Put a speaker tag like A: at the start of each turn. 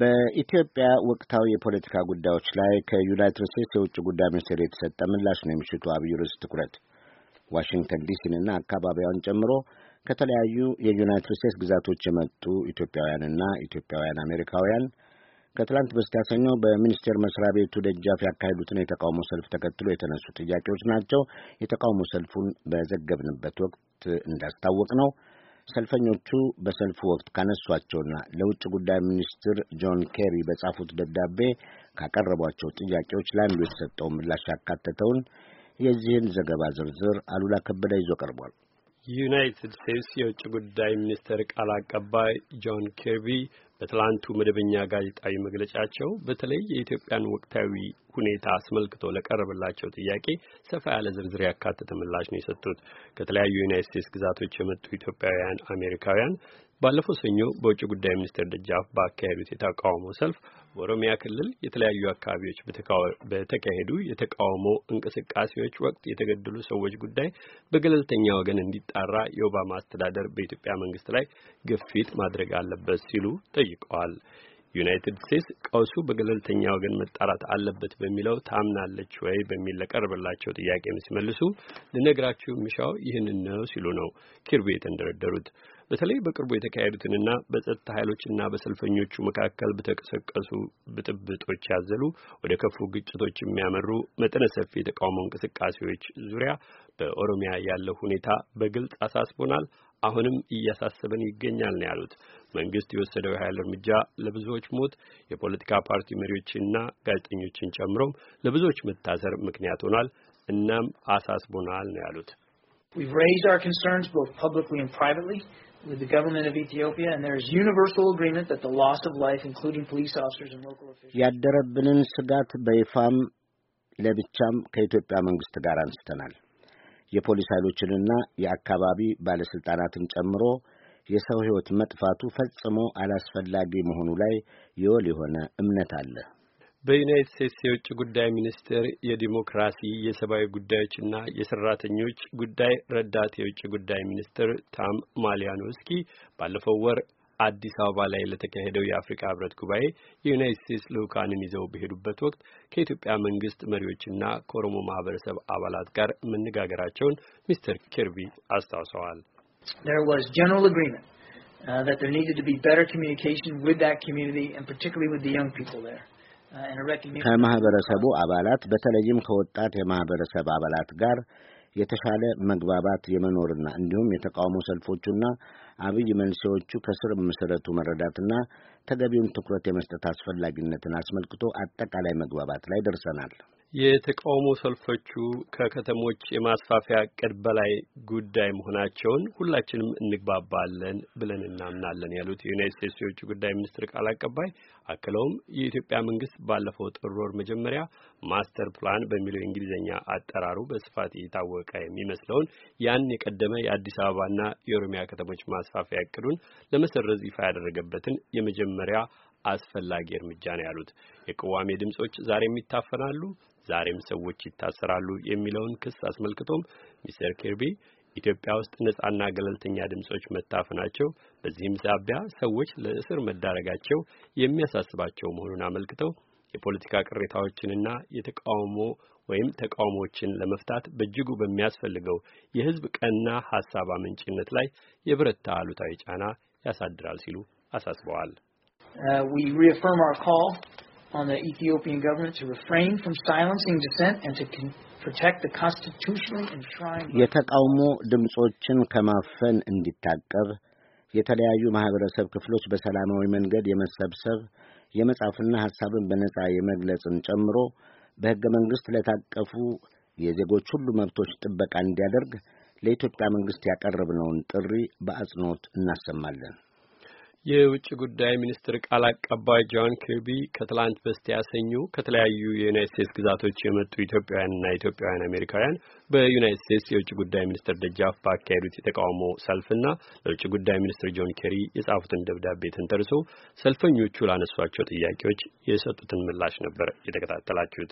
A: በኢትዮጵያ ወቅታዊ የፖለቲካ ጉዳዮች ላይ ከዩናይትድ ስቴትስ የውጭ ጉዳይ ሚኒስቴር የተሰጠ ምላሽ ነው የምሽቱ አብይ ርዕስ ትኩረት። ዋሽንግተን ዲሲንና አካባቢዋን ጨምሮ ከተለያዩ የዩናይትድ ስቴትስ ግዛቶች የመጡ ኢትዮጵያውያንና ኢትዮጵያውያን አሜሪካውያን ከትላንት በስቲያ ሰኞ በሚኒስቴር መስሪያ ቤቱ ደጃፍ ያካሄዱትን የተቃውሞ ሰልፍ ተከትሎ የተነሱ ጥያቄዎች ናቸው። የተቃውሞ ሰልፉን በዘገብንበት ወቅት እንዳስታወቅ ነው ሰልፈኞቹ በሰልፉ ወቅት ካነሷቸውና ለውጭ ጉዳይ ሚኒስትር ጆን ኬሪ በጻፉት ደብዳቤ ካቀረቧቸው ጥያቄዎች ለአንዱ የተሰጠውን ምላሽ ያካተተውን የዚህን ዘገባ ዝርዝር አሉላ ከበደ ይዞ ቀርቧል።
B: ዩናይትድ ስቴትስ የውጭ ጉዳይ ሚኒስትር ቃል አቀባይ ጆን ኬርቢ በትላንቱ መደበኛ ጋዜጣዊ መግለጫቸው በተለይ የኢትዮጵያን ወቅታዊ ሁኔታ አስመልክቶ ለቀረበላቸው ጥያቄ ሰፋ ያለ ዝርዝር ያካተተ ምላሽ ነው የሰጡት። ከተለያዩ የዩናይት ስቴትስ ግዛቶች የመጡ ኢትዮጵያውያን አሜሪካውያን ባለፈው ሰኞ በውጭ ጉዳይ ሚኒስቴር ደጃፍ ባካሄዱት የተቃውሞ ሰልፍ በኦሮሚያ ክልል የተለያዩ አካባቢዎች በተካሄዱ የተቃውሞ እንቅስቃሴዎች ወቅት የተገደሉ ሰዎች ጉዳይ በገለልተኛ ወገን እንዲጣራ የኦባማ አስተዳደር በኢትዮጵያ መንግስት ላይ ግፊት ማድረግ አለበት ሲሉ ጠይቀዋል። ዩናይትድ ስቴትስ ቀውሱ በገለልተኛ ወገን መጣራት አለበት በሚለው ታምናለች ወይ በሚል ለቀረበላቸው ጥያቄም ሲመልሱ ልነግራችሁ የሚሻው ይህንን ነው ሲሉ ነው ኪርቢ የተንደረደሩት። በተለይ በቅርቡ የተካሄዱትንና በጸጥታ ኃይሎችና በሰልፈኞቹ መካከል በተቀሰቀሱ ብጥብጦች ያዘሉ ወደ ከፉ ግጭቶች የሚያመሩ መጠነ ሰፊ የተቃውሞ እንቅስቃሴዎች ዙሪያ በኦሮሚያ ያለው ሁኔታ በግልጽ አሳስቦናል፣ አሁንም እያሳሰበን ይገኛል ነው ያሉት። መንግስት የወሰደው የኃይል እርምጃ ለብዙዎች ሞት፣ የፖለቲካ ፓርቲ መሪዎችንና ጋዜጠኞችን ጨምሮም ለብዙዎች መታሰር ምክንያት ሆኗል። እናም አሳስቦናል ነው ያሉት።
A: We've raised our concerns both publicly and privately with the government of Ethiopia and there is universal agreement that the loss of life including police officers and local officials ያደረብንን ስጋት በይፋም ለብቻም ከኢትዮጵያ መንግስት ጋር አንስተናል። የፖሊስ ኃይሎችንና የአካባቢ ባለሥልጣናትን ጨምሮ የሰው ሕይወት መጥፋቱ ፈጽሞ አላስፈላጊ መሆኑ ላይ የወል የሆነ እምነት አለ።
B: በዩናይት ስቴትስ የውጭ ጉዳይ ሚኒስቴር የዲሞክራሲ የሰብአዊ ጉዳዮችና የሰራተኞች ጉዳይ ረዳት የውጭ ጉዳይ ሚኒስትር ታም ማሊያኖስኪ ባለፈው ወር አዲስ አበባ ላይ ለተካሄደው የአፍሪካ ህብረት ጉባኤ የዩናይት ስቴትስ ልዑካንን ይዘው በሄዱበት ወቅት ከኢትዮጵያ መንግስት መሪዎችና ከኦሮሞ ማህበረሰብ አባላት ጋር መነጋገራቸውን ሚስተር ኪርቢ አስታውሰዋል።
A: ከማህበረሰቡ አባላት በተለይም ከወጣት የማህበረሰብ አባላት ጋር የተሻለ መግባባት የመኖርና እንዲሁም የተቃውሞ ሰልፎቹና አብይ መንስኤዎቹ ከስር መሰረቱ መረዳትና ተገቢውን ትኩረት የመስጠት አስፈላጊነትን አስመልክቶ አጠቃላይ መግባባት ላይ ደርሰናል።
B: የተቃውሞ ሰልፎቹ ከከተሞች የማስፋፊያ እቅድ በላይ ጉዳይ መሆናቸውን ሁላችንም እንግባባለን ብለን እናምናለን ያሉት የዩናይት ስቴትስ የውጭ ጉዳይ ሚኒስትር ቃል አቀባይ አክለውም የኢትዮጵያ መንግስት ባለፈው ጥር ወር መጀመሪያ ማስተር ፕላን በሚለው የእንግሊዝኛ አጠራሩ በስፋት የታወቀ የሚመስለውን ያን የቀደመ የአዲስ አበባና የኦሮሚያ ከተሞች ማስ የማስፋፊያ እቅዱን ለመሰረዝ ይፋ ያደረገበትን የመጀመሪያ አስፈላጊ እርምጃ ነው ያሉት። የቅዋሜ ድምጾች ዛሬም ይታፈናሉ፣ ዛሬም ሰዎች ይታሰራሉ የሚለውን ክስ አስመልክቶም ሚስተር ኬርቢ ኢትዮጵያ ውስጥ ነጻና ገለልተኛ ድምጾች መታፈናቸው በዚህም ሳቢያ ሰዎች ለእስር መዳረጋቸው የሚያሳስባቸው መሆኑን አመልክተው የፖለቲካ ቅሬታዎችንና የተቃውሞ ወይም ተቃውሞዎችን ለመፍታት በእጅጉ በሚያስፈልገው የሕዝብ ቀና ሀሳብ አመንጭነት ላይ የበረታ አሉታዊ ጫና ያሳድራል ሲሉ አሳስበዋል።
A: We reaffirm our call on the Ethiopian government to refrain from silencing dissent and to protect the constitutionally enshrined የተቃውሞ ድምጾችን ከማፈን እንዲታቀብ የተለያዩ ማህበረሰብ ክፍሎች በሰላማዊ መንገድ የመሰብሰብ የመጻፍና ሐሳብን በነጻ የመግለጽን ጨምሮ በሕገ መንግሥት ለታቀፉ የዜጎች ሁሉ መብቶች ጥበቃ እንዲያደርግ ለኢትዮጵያ መንግሥት ያቀረብነውን ጥሪ በአጽንኦት እናሰማለን።
B: የውጭ ጉዳይ ሚኒስትር ቃል አቀባይ ጆን ኪርቢ ከትላንት በስቲያ ሰኞ ከተለያዩ የዩናይት ስቴትስ ግዛቶች የመጡ ኢትዮጵያውያንና ኢትዮጵያውያን አሜሪካውያን በዩናይት ስቴትስ የውጭ ጉዳይ ሚኒስትር ደጃፍ ባካሄዱት የተቃውሞ ሰልፍና ለውጭ ጉዳይ ሚኒስትር ጆን ኬሪ የጻፉትን ደብዳቤ ተንተርሶ ሰልፈኞቹ ላነሷቸው ጥያቄዎች የሰጡትን ምላሽ ነበር የተከታተላችሁት።